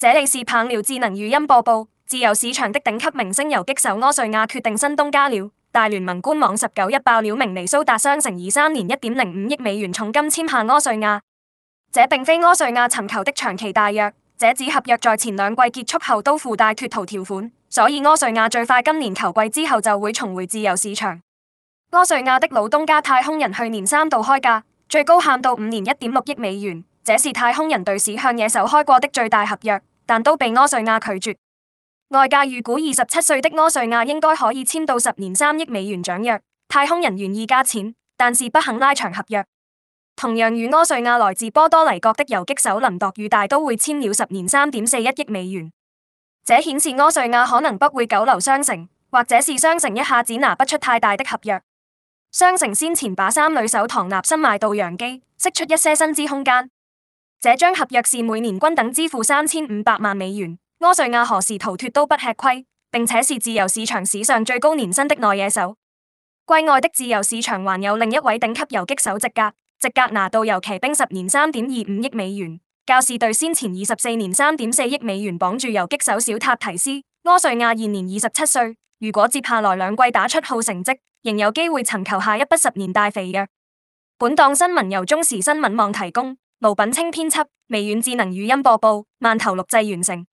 這裏是棒料智能語音播報。自由市場的頂級明星游擊手柯瑞亞決定新東家了。大聯盟官網十九日爆料，明尼蘇達雙城以三年一點零五億美元重金簽下柯瑞亞。這並非柯瑞亞尋求的長期大約，這紙合約在前兩季結束後都附帶脫逃條款，所以柯瑞亞最快今年球季之後就會重回自由市場。柯瑞亞的老東家太空人去年三度開價，最高喊到五年一點六億美元，這是太空人隊史向野手開過的最大合約。但都被柯瑞亞拒絕。外界預估二十七歲的柯瑞亞應該可以簽到十年三億美元長約，太空人願意加錢，但是不肯拉長合約。同樣，與柯瑞亞來自波多黎各的游擊手林鐸與大都會簽了十年三點四一億美元。這顯示柯瑞亞可能不會久留雙城，或者是雙城一下子拿不出太大的合約。雙城先前把三壘手唐納森賣到洋基，釋出一些薪資空間。這張合約是每年均等支付三千五百萬美元。柯瑞亞何時逃脫都不吃虧，並且是自由市場史上最高年薪的內野手。季外的自由市場還有另一位頂級游擊手席格，席格拿到遊騎兵十年三點二五億美元。教士隊先前二十四年三點四億美元綁住游擊手小塔提斯。柯瑞亞現年二十七歲，如果接下來兩季打出好成績，仍有機會尋求下一筆十年大肥約。本檔新聞由中時新聞網提供。盧品清編輯，微軟智能語音播報，慢頭錄製完成。